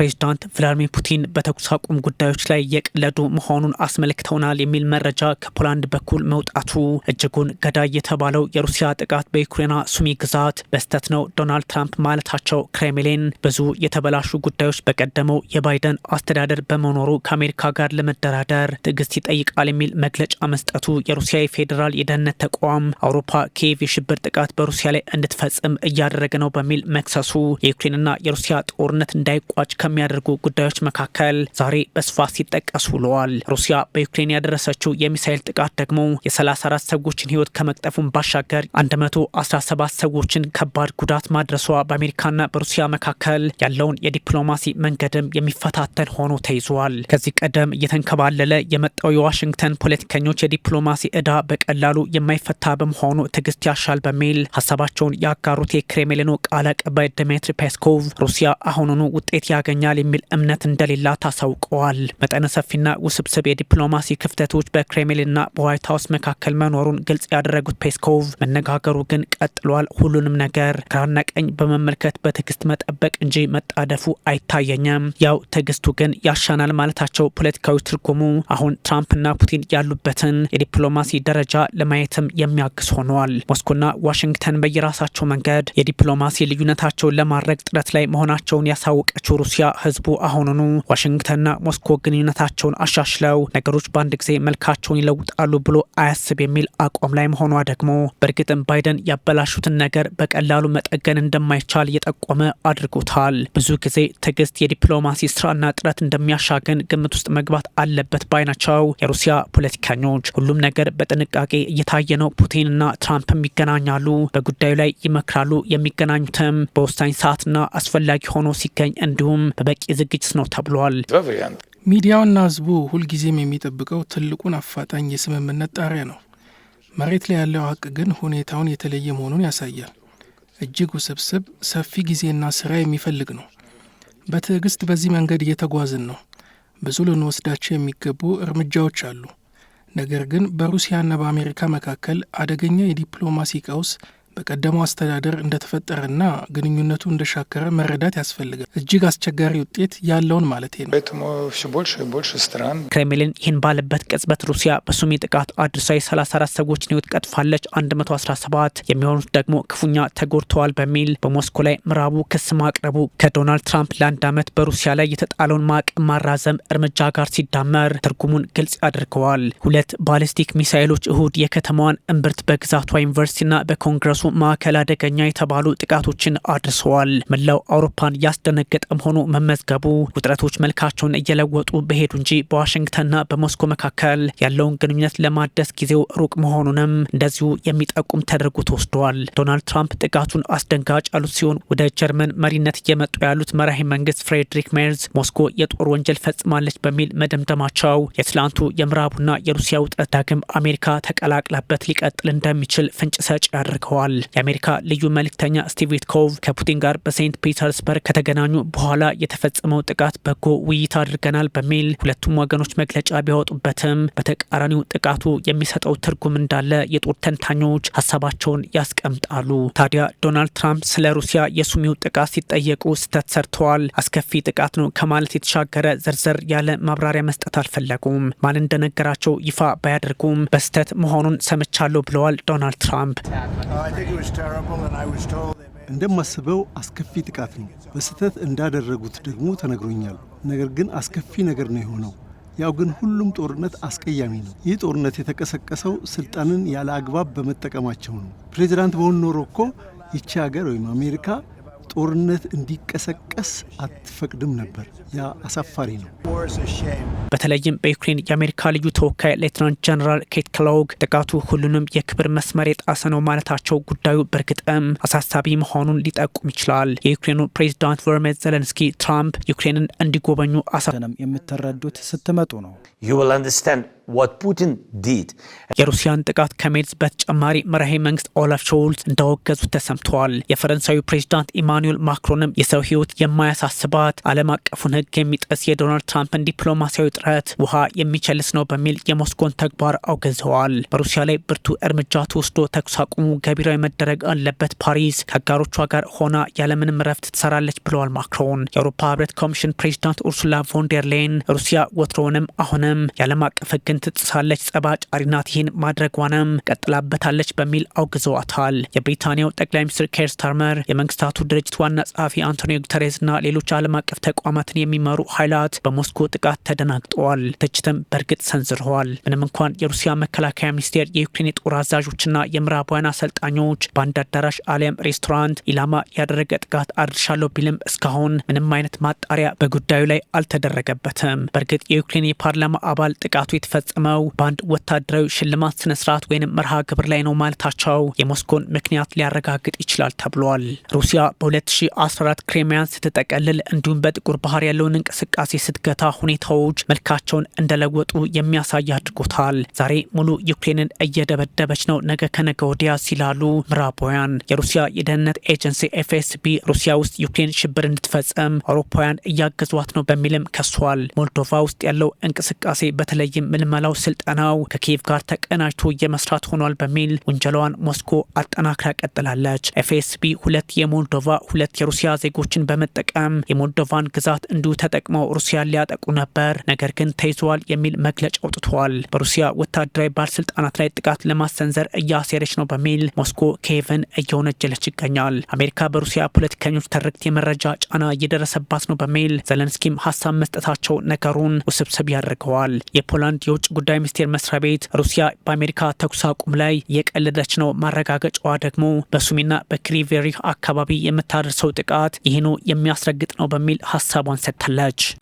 Chris ፕሬዚዳንት ቭላድሚር ፑቲን በተኩስ አቁም ጉዳዮች ላይ የቀለዱ መሆኑን አስመልክተውናል የሚል መረጃ ከፖላንድ በኩል መውጣቱ እጅጉን ገዳይ የተባለው የሩሲያ ጥቃት በዩክሬና ሱሚ ግዛት በስተት ነው ዶናልድ ትራምፕ ማለታቸው ክሬምሊን ብዙ የተበላሹ ጉዳዮች በቀደመው የባይደን አስተዳደር በመኖሩ ከአሜሪካ ጋር ለመደራደር ትዕግስት ይጠይቃል የሚል መግለጫ መስጠቱ የሩሲያ የፌዴራል የደህንነት ተቋም አውሮፓ ኪየቭ የሽብር ጥቃት በሩሲያ ላይ እንድትፈጽም እያደረገ ነው በሚል መክሰሱ የዩክሬንና የሩሲያ ጦርነት እንዳይቋጭ ከሚያደርጉ ከሚያደርጉ ጉዳዮች መካከል ዛሬ በስፋት ሲጠቀሱ ውለዋል። ሩሲያ በዩክሬን ያደረሰችው የሚሳኤል ጥቃት ደግሞ የ34 ሰዎችን ህይወት ከመቅጠፉን ባሻገር 117 ሰዎችን ከባድ ጉዳት ማድረሷ በአሜሪካና በሩሲያ መካከል ያለውን የዲፕሎማሲ መንገድም የሚፈታተን ሆኖ ተይዟል። ከዚህ ቀደም እየተንከባለለ የመጣው የዋሽንግተን ፖለቲከኞች የዲፕሎማሲ ዕዳ በቀላሉ የማይፈታ በመሆኑ ትዕግስት ያሻል በሚል ሀሳባቸውን ያጋሩት የክሬምሊኑ ቃል አቀባይ ድሜትሪ ፔስኮቭ ሩሲያ አሁኑኑ ውጤት ያገኛል የሚል እምነት እንደሌላ ታሳውቀዋል። መጠነ ሰፊና ውስብስብ የዲፕሎማሲ ክፍተቶች በክሬምሊንና በዋይት ሀውስ መካከል መኖሩን ግልጽ ያደረጉት ፔስኮቭ መነጋገሩ ግን ቀጥሏል። ሁሉንም ነገር ግራና ቀኝ በመመልከት በትዕግስት መጠበቅ እንጂ መጣደፉ አይታየኝም። ያው ትዕግስቱ ግን ያሻናል ማለታቸው ፖለቲካዊ ትርጉሙ አሁን ትራምፕና ፑቲን ያሉበትን የዲፕሎማሲ ደረጃ ለማየትም የሚያግዝ ሆኗል። ሞስኮና ዋሽንግተን በየራሳቸው መንገድ የዲፕሎማሲ ልዩነታቸውን ለማድረግ ጥረት ላይ መሆናቸውን ያሳወቀችው ሩሲያ ህዝቡ አሁኑኑ ዋሽንግተንና ሞስኮ ግንኙነታቸውን አሻሽለው ነገሮች በአንድ ጊዜ መልካቸውን ይለውጣሉ ብሎ አያስብ የሚል አቋም ላይ መሆኗ ደግሞ በእርግጥም ባይደን ያበላሹትን ነገር በቀላሉ መጠገን እንደማይቻል እየጠቆመ አድርጎታል። ብዙ ጊዜ ትዕግስት የዲፕሎማሲ ስራና ጥረት እንደሚያሻግን ግምት ውስጥ መግባት አለበት ባይ ናቸው የሩሲያ ፖለቲከኞች። ሁሉም ነገር በጥንቃቄ እየታየ ነው። ፑቲንና ትራምፕም ይገናኛሉ፣ በጉዳዩ ላይ ይመክራሉ። የሚገናኙትም በወሳኝ ሰዓትና አስፈላጊ ሆኖ ሲገኝ እንዲሁም በበቂ በቂ ዝግጅት ነው ተብሏል። ሚዲያውና ህዝቡ ሁልጊዜም የሚጠብቀው ትልቁን አፋጣኝ የስምምነት ጣሪያ ነው። መሬት ላይ ያለው ሀቅ ግን ሁኔታውን የተለየ መሆኑን ያሳያል። እጅግ ውስብስብ፣ ሰፊ ጊዜና ስራ የሚፈልግ ነው። በትዕግስት በዚህ መንገድ እየተጓዝን ነው። ብዙ ልንወስዳቸው የሚገቡ እርምጃዎች አሉ። ነገር ግን በሩሲያና በአሜሪካ መካከል አደገኛ የዲፕሎማሲ ቀውስ በቀደመው አስተዳደር እንደተፈጠረና ግንኙነቱ እንደሻከረ መረዳት ያስፈልጋል። እጅግ አስቸጋሪ ውጤት ያለውን ማለት ነው። ክሬምሊን ይህን ባለበት ቅጽበት ሩሲያ በሱሚ ጥቃት አድርሳ የ34 ሰዎች ሕይወት ቀጥፋለች፣ 117 የሚሆኑት ደግሞ ክፉኛ ተጎድተዋል በሚል በሞስኮ ላይ ምዕራቡ ክስ ማቅረቡ ከዶናልድ ትራምፕ ለአንድ ዓመት በሩሲያ ላይ የተጣለውን ማዕቀብ ማራዘም እርምጃ ጋር ሲዳመር ትርጉሙን ግልጽ ያደርገዋል። ሁለት ባሊስቲክ ሚሳይሎች እሁድ የከተማዋን እምብርት በግዛቷ ዩኒቨርሲቲና በኮንግረሱ በራሱ ማዕከል አደገኛ የተባሉ ጥቃቶችን አድርሰዋል። መላው አውሮፓን ያስደነገጠ መሆኑ መመዝገቡ ውጥረቶች መልካቸውን እየለወጡ በሄዱ እንጂ በዋሽንግተንና በሞስኮ መካከል ያለውን ግንኙነት ለማደስ ጊዜው ሩቅ መሆኑንም እንደዚሁ የሚጠቁም ተደርጎ ተወስደዋል። ዶናልድ ትራምፕ ጥቃቱን አስደንጋጭ ያሉት ሲሆን ወደ ጀርመን መሪነት እየመጡ ያሉት መራሄ መንግስት ፍሬድሪክ ሜርዝ ሞስኮ የጦር ወንጀል ፈጽማለች በሚል መደምደማቸው የትላንቱ የምዕራቡና የሩሲያ ውጥረት ዳግም አሜሪካ ተቀላቅላበት ሊቀጥል እንደሚችል ፍንጭ ሰጪ አድርገዋል። ተናግረዋል። የአሜሪካ ልዩ መልእክተኛ ስቲቭ ዊትኮቭ ከፑቲን ጋር በሴንት ፒተርስበርግ ከተገናኙ በኋላ የተፈጸመው ጥቃት በጎ ውይይት አድርገናል በሚል ሁለቱም ወገኖች መግለጫ ቢያወጡበትም በተቃራኒው ጥቃቱ የሚሰጠው ትርጉም እንዳለ የጦር ተንታኞች ሀሳባቸውን ያስቀምጣሉ። ታዲያ ዶናልድ ትራምፕ ስለ ሩሲያ የሱሚው ጥቃት ሲጠየቁ ስህተት ሰርተዋል፣ አስከፊ ጥቃት ነው ከማለት የተሻገረ ዝርዝር ያለ ማብራሪያ መስጠት አልፈለጉም። ማን እንደነገራቸው ይፋ ባያደርጉም በስህተት መሆኑን ሰምቻለሁ ብለዋል ዶናልድ ትራምፕ። እንደማስበው አስከፊ ጥቃት ነው። በስህተት እንዳደረጉት ደግሞ ተነግሮኛል። ነገር ግን አስከፊ ነገር ነው የሆነው። ያው ግን ሁሉም ጦርነት አስቀያሚ ነው። ይህ ጦርነት የተቀሰቀሰው ስልጣንን ያለ አግባብ በመጠቀማቸው ነው። ፕሬዚዳንት በሆን ኖሮ እኮ ይቺ ሀገር ወይም አሜሪካ ጦርነት እንዲቀሰቀስ አትፈቅድም ነበር። ያ አሳፋሪ ነው። በተለይም በዩክሬን የአሜሪካ ልዩ ተወካይ ሌትናንት ጀነራል ኬት ክላውግ ጥቃቱ ሁሉንም የክብር መስመር የጣሰ ነው ማለታቸው ጉዳዩ በእርግጥም አሳሳቢ መሆኑን ሊጠቁም ይችላል። የዩክሬኑ ፕሬዚዳንት ቮሎድሚር ዘለንስኪ ትራምፕ ዩክሬንን እንዲጎበኙ አሳ የምትረዱት ስትመጡ ነው የሩሲያን ጥቃት ከሜድዝ በተጨማሪ መራሄ መንግስት ኦላፍ ሾልት እንዳወገዙ ተሰምተዋል። የፈረንሳዩ ፕሬዚዳንት ኢማኑኤል ማክሮንም የሰው ህይወት የማያሳስባት ዓለም አቀፉን ህግ የሚጥስ የዶናልድ ትራምፕን ዲፕሎማሲያዊ ጥረት ውሃ የሚቸልስ ነው በሚል የሞስኮን ተግባር አውግዘዋል። በሩሲያ ላይ ብርቱ እርምጃ ተወስዶ ተኩስ አቁሙ ገቢራዊ መደረግ አለበት፣ ፓሪስ ከአጋሮቿ ጋር ሆና ያለምንም ረፍት ትሰራለች ብለዋል ማክሮን። የአውሮፓ ህብረት ኮሚሽን ፕሬዚዳንት ኡርሱላ ቮንደርሌን ሩሲያ ወትሮውንም አሁንም የዓለም አቀፍ ህግን ትጥሳለች፣ ጸባ ጫሪ ናት፣ ይህን ማድረጓንም ቀጥላበታለች በሚል አውግዘዋታል። የብሪታንያው ጠቅላይ ሚኒስትር ኬር ስታርመር፣ የመንግስታቱ ድርጅት ዋና ጸሐፊ አንቶኒዮ እና ሌሎች ዓለም አቀፍ ተቋማትን የሚመሩ ኃይላት በሞስኮ ጥቃት ተደናግጠዋል። ትችትም በእርግጥ ሰንዝረዋል። ምንም እንኳን የሩሲያ መከላከያ ሚኒስቴር የዩክሬን የጦር አዛዦችና የምዕራባውያን አሰልጣኞች በአንድ አዳራሽ አሊያም ሬስቶራንት ኢላማ ያደረገ ጥቃት አድርሻለሁ ቢልም እስካሁን ምንም አይነት ማጣሪያ በጉዳዩ ላይ አልተደረገበትም። በእርግጥ የዩክሬን የፓርላማ አባል ጥቃቱ የተፈጸ ፈጽመው በአንድ ወታደራዊ ሽልማት ስነስርዓት ወይም መርሃ ግብር ላይ ነው ማለታቸው የሞስኮን ምክንያት ሊያረጋግጥ ይችላል ተብሏል። ሩሲያ በ2014 ክሬሚያን ስትጠቀልል እንዲሁም በጥቁር ባህር ያለውን እንቅስቃሴ ስትገታ ሁኔታዎች መልካቸውን እንደለወጡ የሚያሳይ አድርጎታል። ዛሬ ሙሉ ዩክሬንን እየደበደበች ነው ነገ ከነገ ወዲያ ሲላሉ ምዕራባውያን። የሩሲያ የደህንነት ኤጀንሲ ኤፍኤስቢ ሩሲያ ውስጥ ዩክሬን ሽብር እንድትፈጽም አውሮፓውያን እያገዟት ነው በሚልም ከሷል። ሞልዶቫ ውስጥ ያለው እንቅስቃሴ በተለይም ምልመ መላው ስልጠናው ከኪየቭ ጋር ተቀናጅቶ የመስራት ሆኗል በሚል ውንጀላዋን ሞስኮ አጠናክራ ቀጥላለች። ኤፍኤስቢ ሁለት የሞልዶቫ ሁለት የሩሲያ ዜጎችን በመጠቀም የሞልዶቫን ግዛት እንዲሁ ተጠቅመው ሩሲያን ሊያጠቁ ነበር፣ ነገር ግን ተይዘዋል የሚል መግለጫ አውጥተዋል። በሩሲያ ወታደራዊ ባለስልጣናት ላይ ጥቃት ለማሰንዘር እያሴረች ነው በሚል ሞስኮ ኪየቭን እየወነጀለች ይገኛል። አሜሪካ በሩሲያ ፖለቲከኞች ትርክት የመረጃ ጫና እየደረሰባት ነው በሚል ዘለንስኪም ሀሳብ መስጠታቸው ነገሩን ውስብስብ ያደርገዋል። የፖላንድ የ የውጭ ጉዳይ ሚኒስቴር መስሪያ ቤት ሩሲያ በአሜሪካ ተኩስ አቁም ላይ የቀለደች ነው፣ ማረጋገጫዋ ደግሞ በሱሚና በክሪቬሪ አካባቢ የምታደርሰው ጥቃት ይህኑ የሚያስረግጥ ነው በሚል ሀሳቧን ሰጥታለች።